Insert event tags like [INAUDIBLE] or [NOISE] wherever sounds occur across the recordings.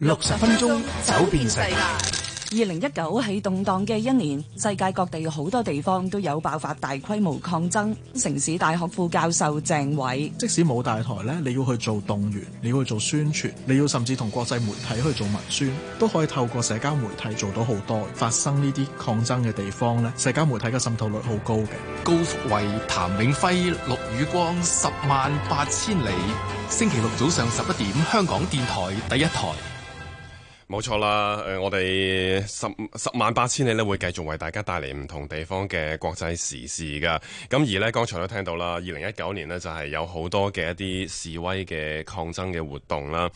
六十分鐘走遍世界。二零一九喺動盪嘅一年，世界各地好多地方都有爆發大規模抗爭。城市大學副教授鄭偉，即使冇大台咧，你要去做動員，你要去做宣傳，你要甚至同國際媒體去做文宣，都可以透過社交媒體做到好多。發生呢啲抗爭嘅地方咧。社交媒體嘅滲透率好高嘅。高福偉、譚永輝、陸宇光，十萬八千里。星期六早上十一點，香港電台第一台。冇錯啦，誒、呃，我哋十十萬八千里咧，會繼續為大家帶嚟唔同地方嘅國際時事㗎。咁而呢，剛才都聽到啦，二零一九年呢，就係、是、有好多嘅一啲示威嘅抗爭嘅活動啦。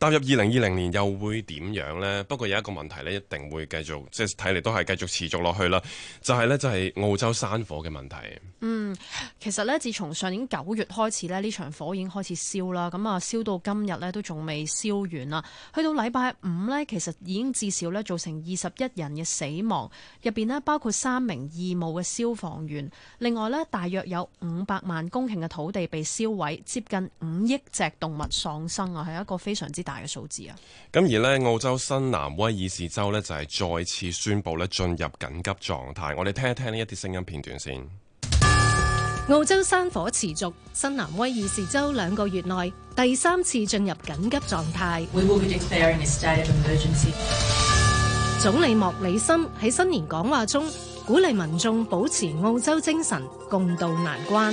踏入二零二零年又會點樣呢？不過有一個問題呢，一定會繼續，即係睇嚟都係繼續持續落去啦。就係、是、呢，就係、是、澳洲山火嘅問題。嗯，其實呢，自從上年九月開始呢，呢場火已經開始燒啦。咁啊，燒到今日呢，都仲未燒完啦。去到禮拜五。其實已經至少咧造成二十一人嘅死亡，入邊咧包括三名義務嘅消防員，另外咧大約有五百萬公頃嘅土地被燒毀，接近五億隻動物喪生啊，係一個非常之大嘅數字啊！咁而咧澳洲新南威爾士州咧就係再次宣布咧進入緊急狀態，我哋聽一聽呢一啲聲音片段先。澳洲山火持續，新南威爾士州兩個月內第三次進入緊急狀態。總理莫里森喺新年講話中鼓勵民眾保持澳洲精神，共渡難關。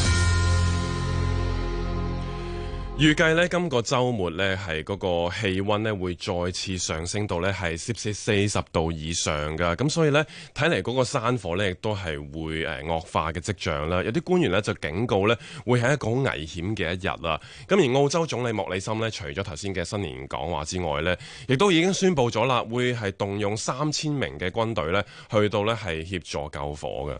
預計呢今個周末呢，係嗰個氣溫呢會再次上升到呢係攝氏四十度以上噶，咁所以呢，睇嚟嗰個山火呢，亦都係會誒、呃、惡化嘅跡象啦。有啲官員呢，就警告呢，會係一個好危險嘅一日啦。咁而澳洲總理莫里森呢，除咗頭先嘅新年講話之外呢，亦都已經宣布咗啦，會係動用三千名嘅軍隊呢，去到呢係協助救火嘅。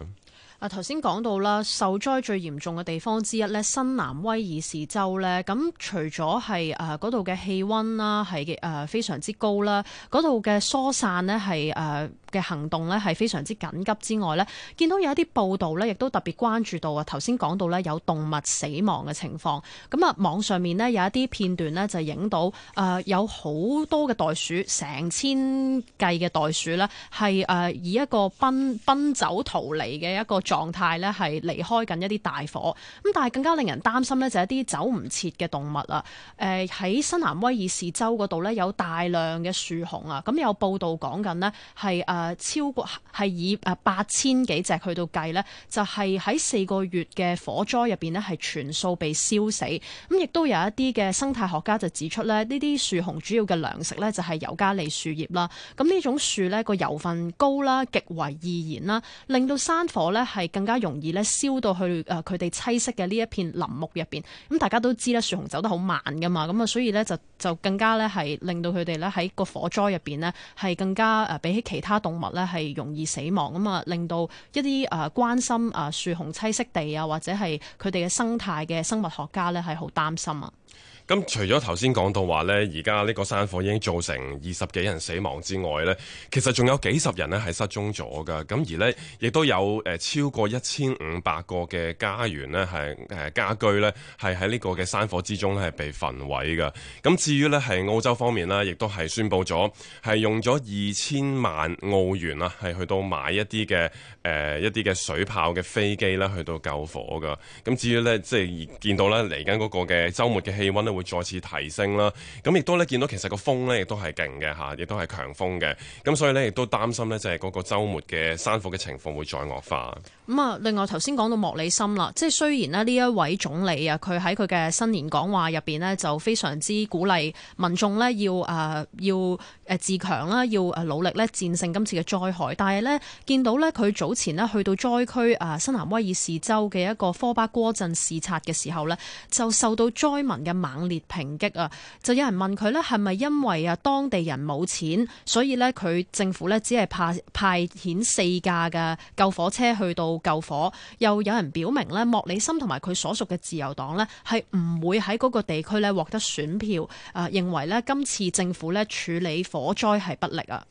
啊，頭先講到啦，受災最嚴重嘅地方之一呢，新南威爾士州呢。咁除咗係誒嗰度嘅氣温啦，係、呃、嘅非常之高啦，嗰度嘅疏散呢，係誒嘅行動呢，係非常之緊急之外呢，見到有一啲報道呢，亦都特別關注到啊，頭先講到呢，有動物死亡嘅情況，咁啊網上面呢、呃，有一啲片段呢，就影到誒有好多嘅袋鼠，成千計嘅袋鼠呢，係、呃、誒以一個奔奔走逃離嘅一個狀態咧係離開緊一啲大火，咁但係更加令人擔心呢，就係一啲走唔切嘅動物啦。誒、呃、喺新南威爾士州嗰度呢，有大量嘅樹熊啊，咁有報道講緊呢，係、呃、誒超過係以誒八千幾隻去到計呢，就係喺四個月嘅火災入邊呢，係全數被燒死。咁亦都有一啲嘅生態學家就指出呢，呢啲樹熊主要嘅糧食呢，就係尤加利樹葉啦。咁呢種樹呢，個油份高啦，極為易燃啦，令到山火呢，係，係更加容易咧，燒到去誒，佢哋棲息嘅呢一片林木入邊。咁大家都知咧，樹熊走得好慢噶嘛，咁啊，所以咧就就更加咧，係令到佢哋咧喺個火災入邊咧，係更加誒，比起其他動物咧，係容易死亡啊，令到一啲誒關心誒樹熊棲息地啊，或者係佢哋嘅生態嘅生物學家咧，係好擔心啊。咁除咗頭先講到話咧，而家呢個山火已經造成二十幾人死亡之外咧，其實仲有幾十人咧係失蹤咗噶。咁而咧，亦都有誒超過一千五百個嘅家園咧係誒家居咧係喺呢個嘅山火之中咧係被焚毀噶。咁至於咧係澳洲方面咧，亦都係宣布咗係用咗二千萬澳元啦，係去到買一啲嘅誒一啲嘅水炮嘅飛機咧，去到救火噶。咁至於咧，即係見到咧嚟緊嗰個嘅週末嘅氣溫咧會。再次提升啦，咁亦都咧見到，其實個風咧亦都係勁嘅吓，亦都係強風嘅。咁所以咧，亦都擔心咧，就係嗰個周末嘅山火嘅情況會再惡化。咁啊，另外頭先講到莫里森啦，即係雖然咧呢一位總理啊，佢喺佢嘅新年講話入邊咧就非常之鼓勵民眾咧要誒要誒自強啦，要誒努力咧戰勝今次嘅災害。但係咧見到咧佢早前咧去到災區啊新南威爾士州嘅一個科巴哥鎮視察嘅時候咧，就受到災民嘅猛。烈抨擊啊！就有人問佢呢，係咪因為啊當地人冇錢，所以呢，佢政府呢只係派派遣四架嘅救火車去到救火？又有人表明呢莫里森同埋佢所屬嘅自由黨呢係唔會喺嗰個地區呢獲得選票啊！認為呢今次政府呢處理火災係不力啊！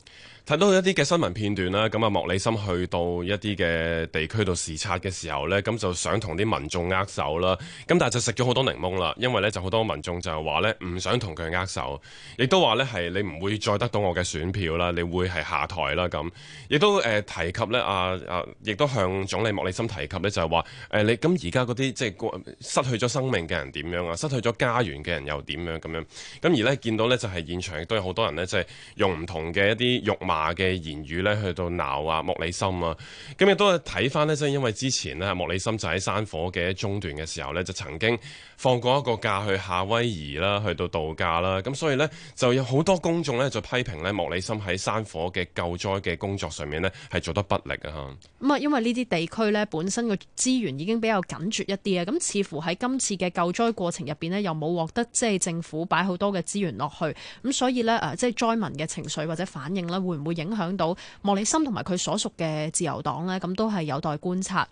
睇到一啲嘅新聞片段啦，咁啊莫里森去到一啲嘅地區度視察嘅時候呢，咁就想同啲民眾握手啦，咁但係就食咗好多檸檬啦，因為呢就好多民。仲就係話咧，唔想同佢握手，亦都話咧係你唔會再得到我嘅選票啦，你會係下台啦咁。亦都誒、呃、提及咧啊啊，亦、啊、都向總理莫里森提及咧，就係話誒你咁而家嗰啲即係過失去咗生命嘅人點樣啊，失去咗家園嘅人又點樣咁樣，咁而咧見到咧就係、是、現場亦都有好多人咧，即、就、係、是、用唔同嘅一啲辱罵嘅言語咧去到鬧啊莫里森啊，咁、嗯、亦都係睇翻咧，即係因為之前咧莫里森就喺山火嘅中段嘅時候咧，就曾經放過一個假去夏威夷啦，去到度假啦，咁所以咧就有好多公眾咧就批評咧莫里森喺山火嘅救災嘅工作上面咧係做得不力啊嚇。咁啊，因為呢啲地區咧本身個資源已經比較緊缺一啲啊，咁似乎喺今次嘅救災過程入邊咧又冇獲得即係政府擺好多嘅資源落去，咁所以咧誒，即係災民嘅情緒或者反應咧會唔會影響到莫里森同埋佢所屬嘅自由黨咧？咁都係有待觀察。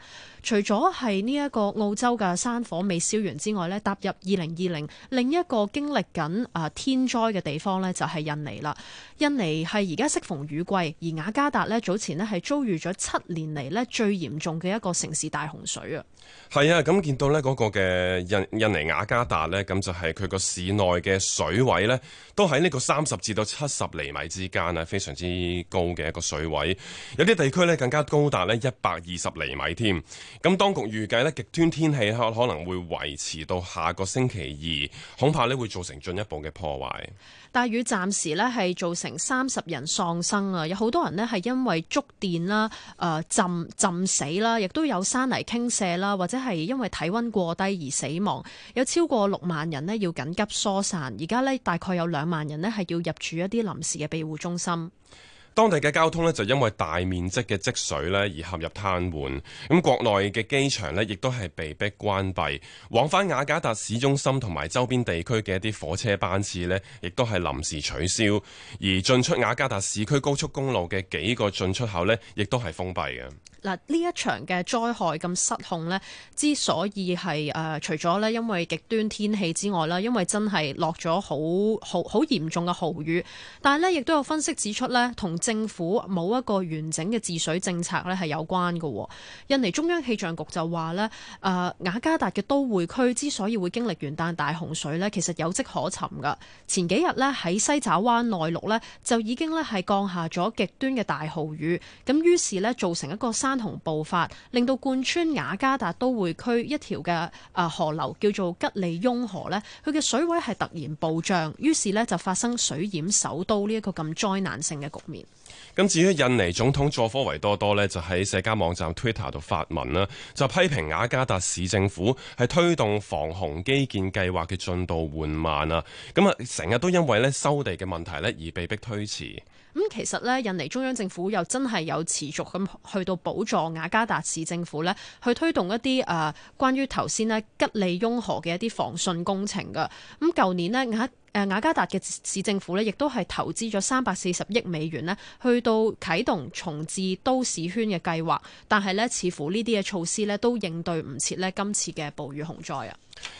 除咗係呢一個澳洲嘅山火未燒完之外咧，踏入二零二零。另一個經歷緊啊天災嘅地方呢，就係印尼啦。印尼係而家適逢雨季，而雅加達呢，早前呢係遭遇咗七年嚟呢最嚴重嘅一個城市大洪水啊。係啊，咁見到呢嗰個嘅印印尼雅加達呢，咁就係佢個市內嘅水位呢，都喺呢個三十至到七十厘米之間啊，非常之高嘅一個水位。有啲地區呢更加高達呢一百二十厘米添。咁當局預計呢，極端天氣可可能會維持到下個星期二。恐怕咧會造成進一步嘅破壞。大雨暫時咧係造成三十人喪生啊，有好多人呢係因為觸電啦、誒浸浸死啦，亦都有山泥傾瀉啦，或者係因為體温過低而死亡。有超過六萬人呢要緊急疏散，而家呢，大概有兩萬人呢係要入住一啲臨時嘅庇護中心。當地嘅交通咧就因為大面積嘅積水咧而陷入癱瘓，咁國內嘅機場咧亦都係被迫關閉，往返雅加達市中心同埋周邊地區嘅一啲火車班次咧亦都係臨時取消，而進出雅加達市區高速公路嘅幾個進出口咧亦都係封閉嘅。嗱，呢一場嘅災害咁失控咧，之所以係誒、呃、除咗咧因為極端天氣之外啦，因為真係落咗好好好嚴重嘅豪雨，但係咧亦都有分析指出咧，同政府冇一個完整嘅治水政策咧係有關嘅。印尼中央氣象局就話咧，誒、呃、雅加達嘅都會區之所以會經歷元旦大洪水咧，其實有跡可尋噶，前幾日咧喺西爪哇內陸咧，就已經咧係降下咗極端嘅大豪雨，咁於是咧造成一個。山洪暴發，令到貫穿雅加達都會區一條嘅啊河流叫做吉利翁河咧，佢嘅水位係突然暴漲，於是咧就發生水淹首都呢一個咁災難性嘅局面。咁至於印尼總統佐科維多多咧，就喺社交網站 Twitter 度發文啦，就批評雅加達市政府係推動防洪基建計劃嘅進度緩慢啊，咁啊成日都因為咧收地嘅問題咧而被迫推遲。咁其實咧，印尼中央政府又真係有持續咁去到補助雅加達市政府咧，去推動一啲誒關於頭先咧吉利翁河嘅一啲防汛工程噶。咁舊年咧，誒、雅、呃、加達嘅市政府咧，亦都係投資咗三百四十億美元咧，去到啟動重置都市圈嘅計劃，但係咧，似乎呢啲嘅措施咧，都應對唔切咧今次嘅暴雨洪災啊！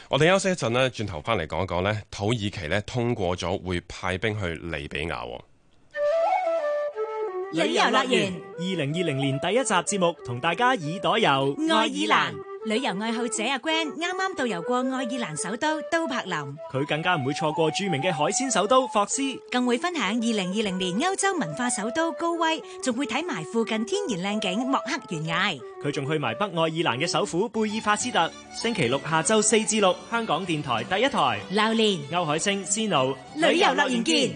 我哋休息一陣咧，轉頭翻嚟講一講咧，土耳其咧通過咗會派兵去利比亞。旅遊樂園二零二零年第一集節目，同大家耳朵遊愛爾蘭。旅遊愛好者阿 Gwen 啱啱導遊過愛爾蘭首都都柏林，佢更加唔會錯過著名嘅海鮮首都霍斯，更會分享二零二零年歐洲文化首都高威，仲會睇埋附近天然靚景莫克懸崖。佢仲去埋北愛爾蘭嘅首府貝爾法斯特。星期六下晝四至六，香港電台第一台。流年，歐海星，Snow，旅遊樂園見，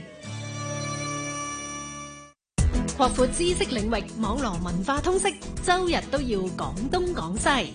擴闊知識領域，網羅文化通識，周日都要講東講西。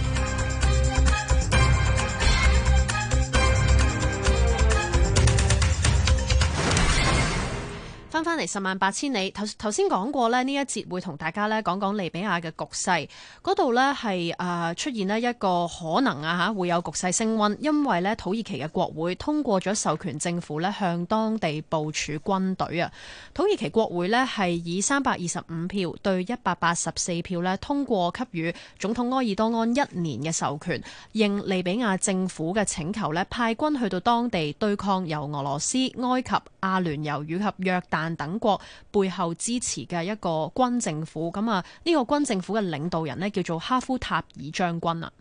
翻翻嚟十萬八千里，頭頭先講過呢，呢一節會同大家咧講講利比亞嘅局勢。嗰度呢，係誒、呃、出現咧一個可能啊嚇，會有局勢升溫，因為咧土耳其嘅國會通過咗授權政府咧向當地部署軍隊啊。土耳其國會呢，係以三百二十五票對一百八十四票咧通過給予總統埃爾多安一年嘅授權，應利比亞政府嘅請求咧派軍去到當地對抗由俄羅斯、埃及、阿聯酋以及約旦。等國背後支持嘅一個軍政府，咁啊呢個軍政府嘅領導人呢，叫做哈夫塔爾將軍啊。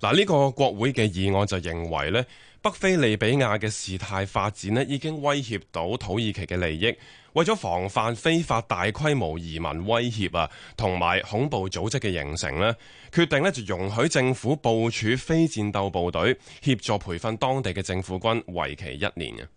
嗱，呢個國會嘅議案就認為呢，北非利比亞嘅事態發展呢，已經威脅到土耳其嘅利益，為咗防範非法大規模移民威脅啊，同埋恐怖組織嘅形成呢，決定呢，就容許政府部署非戰鬥部隊協助培訓當地嘅政府軍，為期一年啊。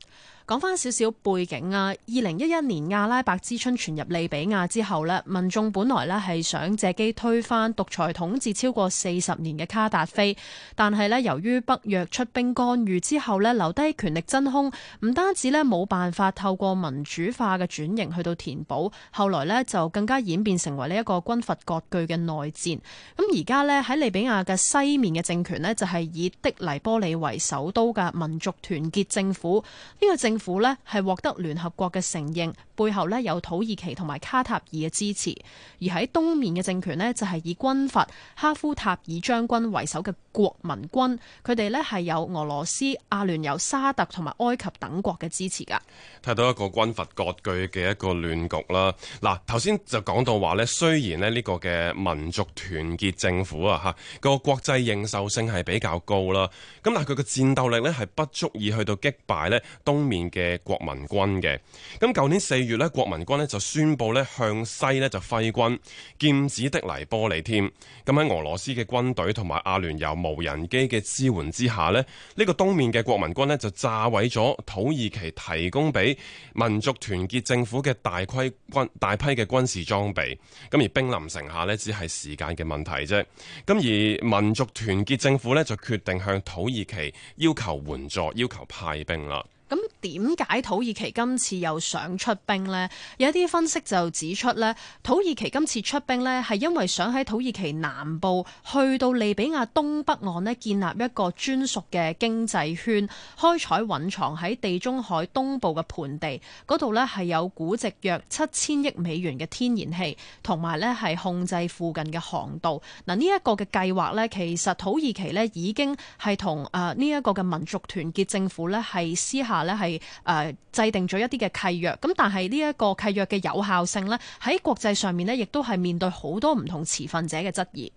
講翻少少背景啊，二零一一年阿拉伯之春傳入利比亞之後呢，民眾本來呢，係想借機推翻獨裁統治超過四十年嘅卡達菲，但係呢，由於北約出兵干預之後呢留低權力真空，唔單止呢冇辦法透過民主化嘅轉型去到填補，後來呢就更加演變成為呢一個軍閥割、割據嘅內戰。咁而家呢，喺利比亞嘅西面嘅政權呢，就係以的黎波里為首都嘅民族團結政府，呢、這個政政府呢，係獲得聯合國嘅承認，背後呢，有土耳其同埋卡塔爾嘅支持，而喺東面嘅政權呢，就係以軍閥哈夫塔爾將軍為首嘅國民軍，佢哋呢，係有俄羅斯、阿聯酋、沙特同埋埃及等國嘅支持噶。睇到一個軍閥割，割據嘅一個亂局啦。嗱，頭先就講到話呢，雖然呢，呢個嘅民族團結政府啊吓個國際認受性係比較高啦，咁但係佢嘅戰鬥力呢，係不足以去到擊敗呢東面。嘅國民軍嘅咁，舊年四月呢，國民軍呢就宣佈呢向西呢就揮軍劍指的黎波里添。咁喺俄羅斯嘅軍隊同埋阿聯酋無人機嘅支援之下呢，呢、這個東面嘅國民軍呢就炸毀咗土耳其提供俾民族團結政府嘅大規軍大批嘅軍事裝備。咁而兵臨城下呢，只係時間嘅問題啫。咁而民族團結政府呢，就決定向土耳其要求援助，要求派兵啦。咁點解土耳其今次又想出兵呢？有一啲分析就指出呢，土耳其今次出兵呢，係因為想喺土耳其南部去到利比亞東北岸呢，建立一個專屬嘅經濟圈，開採蘊藏喺地中海東部嘅盆地嗰度呢，係有估值約七千億美元嘅天然氣，同埋呢係控制附近嘅航道。嗱，呢、這、一個嘅計劃呢，其實土耳其呢已經係同誒呢一個嘅民族團結政府呢係私下。咧係誒制定咗一啲嘅契約，咁但係呢一個契約嘅有效性呢，喺國際上面呢，亦都係面對好多唔同持份者嘅質疑。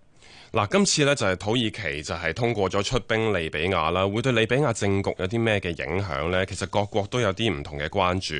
嗱，今次呢就係土耳其就係通過咗出兵利比亞啦，會對利比亞政局有啲咩嘅影響呢？其實各國都有啲唔同嘅關注。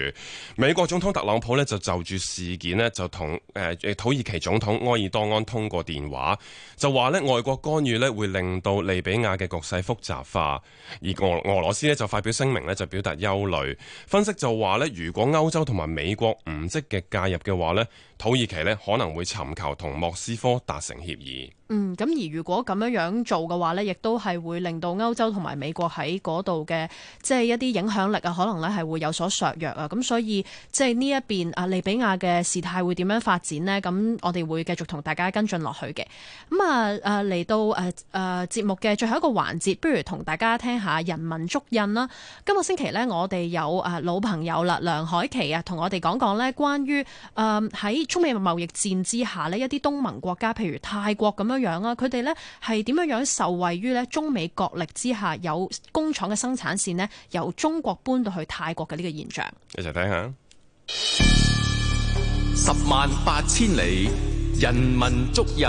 美國總統特朗普呢，就就住事件呢，就同誒土耳其總統埃爾多安通過電話，就話呢，外國干預呢會令到利比亞嘅局勢複雜化。而俄俄羅斯呢，就發表聲明呢，就表達憂慮，分析就話呢，如果歐洲同埋美國唔積極介入嘅話呢，土耳其呢可能會尋求同莫斯科達成協議。嗯，咁而如果咁樣樣做嘅話呢，亦都係會令到歐洲同埋美國喺嗰度嘅，即、就、係、是、一啲影響力啊，可能咧係會有所削弱、嗯所就是、啊。咁所以即係呢一邊啊利比亞嘅事態會點樣發展呢？咁、嗯、我哋會繼續同大家跟進落去嘅。咁、嗯、啊啊嚟到誒誒、啊啊、節目嘅最後一個環節，不如同大家聽下人文足印啦。今個星期呢，我哋有誒、啊、老朋友啦，梁凱琪啊，同我哋講講呢關於誒喺、啊、中美貿易戰之下呢，一啲東盟國家譬如泰國咁樣。樣啦，佢哋咧係點樣樣受惠於咧中美角力之下，有工廠嘅生產線咧由中國搬到去泰國嘅呢個現象。一齊睇下。十萬八千里，人文足印。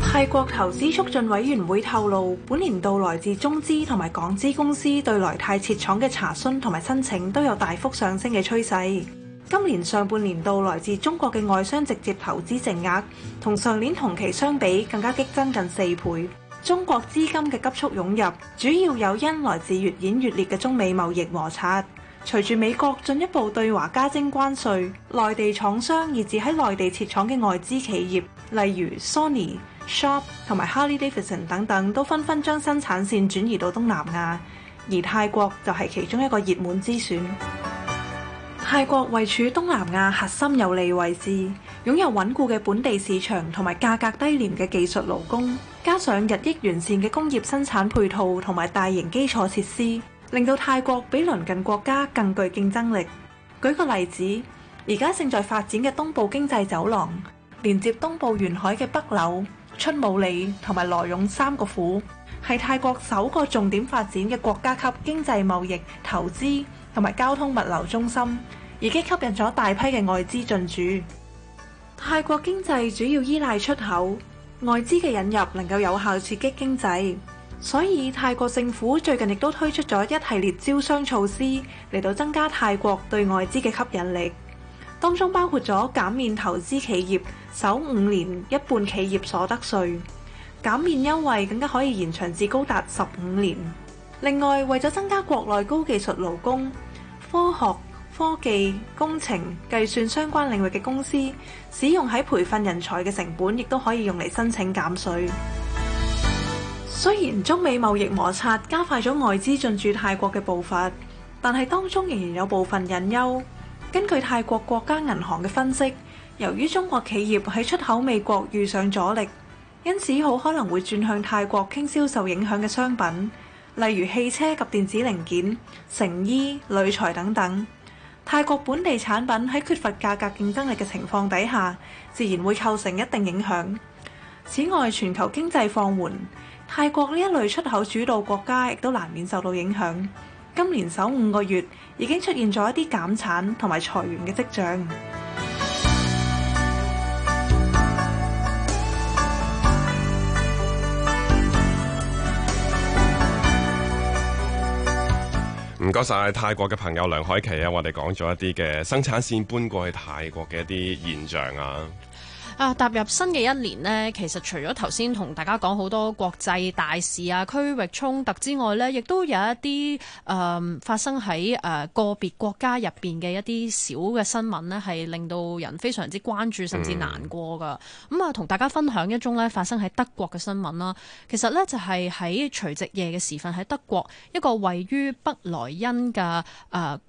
泰國投資促進委員會透露，本年度來自中資同埋港資公司對來泰設廠嘅查詢同埋申請都有大幅上升嘅趨勢。今年上半年度來自中國嘅外商直接投資淨額，同上年同期相比更加激增近四倍。中國資金嘅急速湧入，主要誘因來自越演越烈嘅中美貿易摩擦。隨住美國進一步對華加徵關稅，內地廠商以至喺內地設廠嘅外資企業，例如 Sony、Sharp 同埋 Harley-Davidson 等等，都紛紛將生產線轉移到東南亞，而泰國就係其中一個熱門之選。泰國位處東南亞核心有利位置，擁有穩固嘅本地市場同埋價格低廉嘅技術勞工，加上日益完善嘅工業生產配套同埋大型基礎設施，令到泰國比鄰近國家更具競爭力。舉個例子，而家正在發展嘅東部經濟走廊，連接東部沿海嘅北柳、春武里同埋羅勇三個府，係泰國首個重點發展嘅國家級經濟貿易、投資同埋交通物流中心。已經吸引咗大批嘅外資進駐。泰國經濟主要依賴出口，外資嘅引入能夠有效刺激經濟，所以泰國政府最近亦都推出咗一系列招商措施嚟到增加泰國對外資嘅吸引力。當中包括咗減免投資企業首五年一半企業所得稅，減免優惠更加可以延長至高達十五年。另外，為咗增加國內高技術勞工，科學、科技、工程、計算相關領域嘅公司使用喺培訓人才嘅成本，亦都可以用嚟申請減稅。 [MUSIC] 雖然中美貿易摩擦加快咗外資進駐泰國嘅步伐，但係當中仍然有部分隱憂。根據泰國國家銀行嘅分析，由於中國企業喺出口美國遇上阻力，因此好可能會轉向泰國傾銷受影響嘅商品，例如汽車及電子零件、成衣、鋁材等等。泰國本地產品喺缺乏價格競爭力嘅情況底下，自然會構成一定影響。此外，全球經濟放緩，泰國呢一類出口主導國家亦都難免受到影響。今年首五個月已經出現咗一啲減產同埋裁員嘅跡象。唔該晒，謝謝泰國嘅朋友梁凱琪啊，我哋講咗一啲嘅生產線搬過去泰國嘅一啲現象啊。啊！踏入新嘅一年呢，其實除咗頭先同大家講好多國際大事啊、區域衝突之外呢，亦都有一啲誒、呃、發生喺誒、呃、個別國家入邊嘅一啲小嘅新聞呢，係令到人非常之關注甚至難過噶。咁、嗯嗯、啊，同大家分享一宗呢發生喺德國嘅新聞啦。其實呢，就係喺除夕夜嘅時分喺德國一個位於北萊茵嘅誒、呃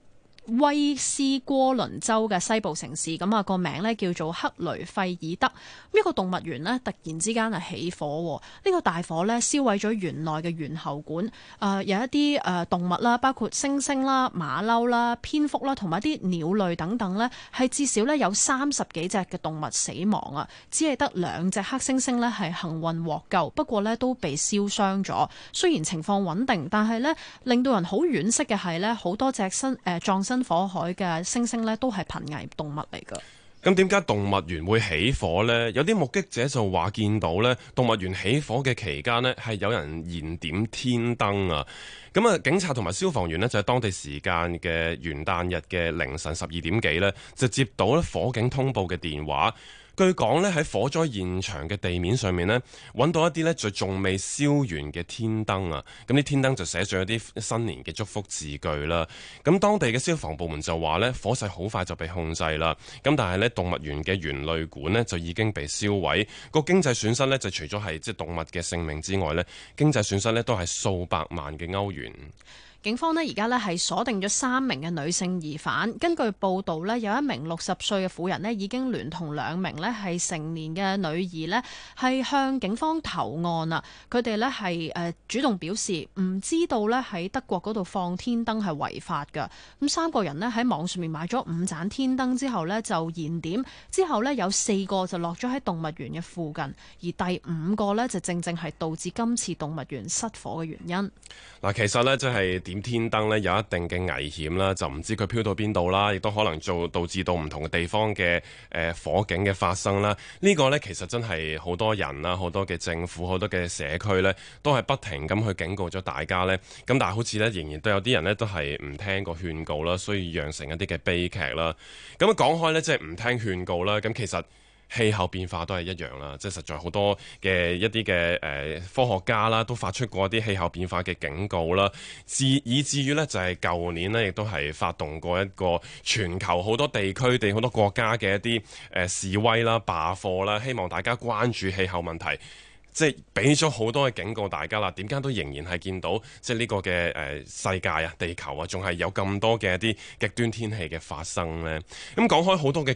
威斯哥倫州嘅西部城市，咁啊個名咧叫做克雷費爾德，呢個動物園咧突然之間啊起火，呢、這個大火咧燒毀咗園內嘅猿猴館，啊、呃、有一啲誒動物啦，包括猩猩啦、馬騮啦、蝙蝠啦，同埋一啲鳥類等等咧，係至少咧有三十幾隻嘅動物死亡啊，只係得兩隻黑猩猩咧係幸運獲救，不過咧都被燒傷咗，雖然情況穩定，但係咧令到人好惋惜嘅係咧，好多隻身誒葬身。呃火海嘅星星呢都係瀕危動物嚟噶。咁點解動物園會起火呢？有啲目擊者就話見到呢動物園起火嘅期間呢係有人燃點天燈啊。咁啊，警察同埋消防員呢，就喺當地時間嘅元旦日嘅凌晨十二點幾呢，就接到呢火警通報嘅電話。據講咧，喺火災現場嘅地面上面咧，揾到一啲咧，就仲未燒完嘅天燈啊！咁啲天燈就寫上一啲新年嘅祝福字句啦。咁當地嘅消防部門就話咧，火勢好快就被控制啦。咁但係咧，動物園嘅猿類館呢，就已經被燒毀，個經濟損失呢，就除咗係即係動物嘅性命之外咧，經濟損失呢，都係數百萬嘅歐元。警方呢而家呢，係鎖定咗三名嘅女性疑犯。根據報道呢，有一名六十歲嘅婦人呢，已經聯同兩名呢，係成年嘅女兒呢，係向警方投案啦。佢哋呢，係誒主動表示唔知道呢，喺德國嗰度放天燈係違法噶。咁三個人呢，喺網上面買咗五盞天燈之後呢，就燃點，之後呢，有四個就落咗喺動物園嘅附近，而第五個呢，就正正係導致今次動物園失火嘅原因。嗱，其實呢，即係。點天燈呢？有一定嘅危險啦，就唔知佢飄到邊度啦，亦都可能做導致到唔同嘅地方嘅、誒、呃、火警嘅發生啦。呢、這個呢，其實真係好多人啦，好多嘅政府、好多嘅社區呢，都係不停咁去警告咗大家呢。咁但係好似呢，仍然都有啲人呢，都係唔聽個勸告啦，所以釀成一啲嘅悲劇啦。咁啊講開呢即係唔聽勸告啦，咁其實。氣候變化都係一樣啦，即係實在好多嘅一啲嘅誒科學家啦，都發出過一啲氣候變化嘅警告啦，至以至於呢，就係、係、舊年呢，亦都係發動過一個全球好多地區地好多國家嘅一啲誒、呃、示威啦、罷課啦，希望大家關注氣候問題，即係俾咗好多嘅警告大家啦。點解都仍然係見到即係呢個嘅誒、呃、世界啊、地球啊，仲係有咁多嘅一啲極端天氣嘅發生呢？咁、嗯、講開好多嘅。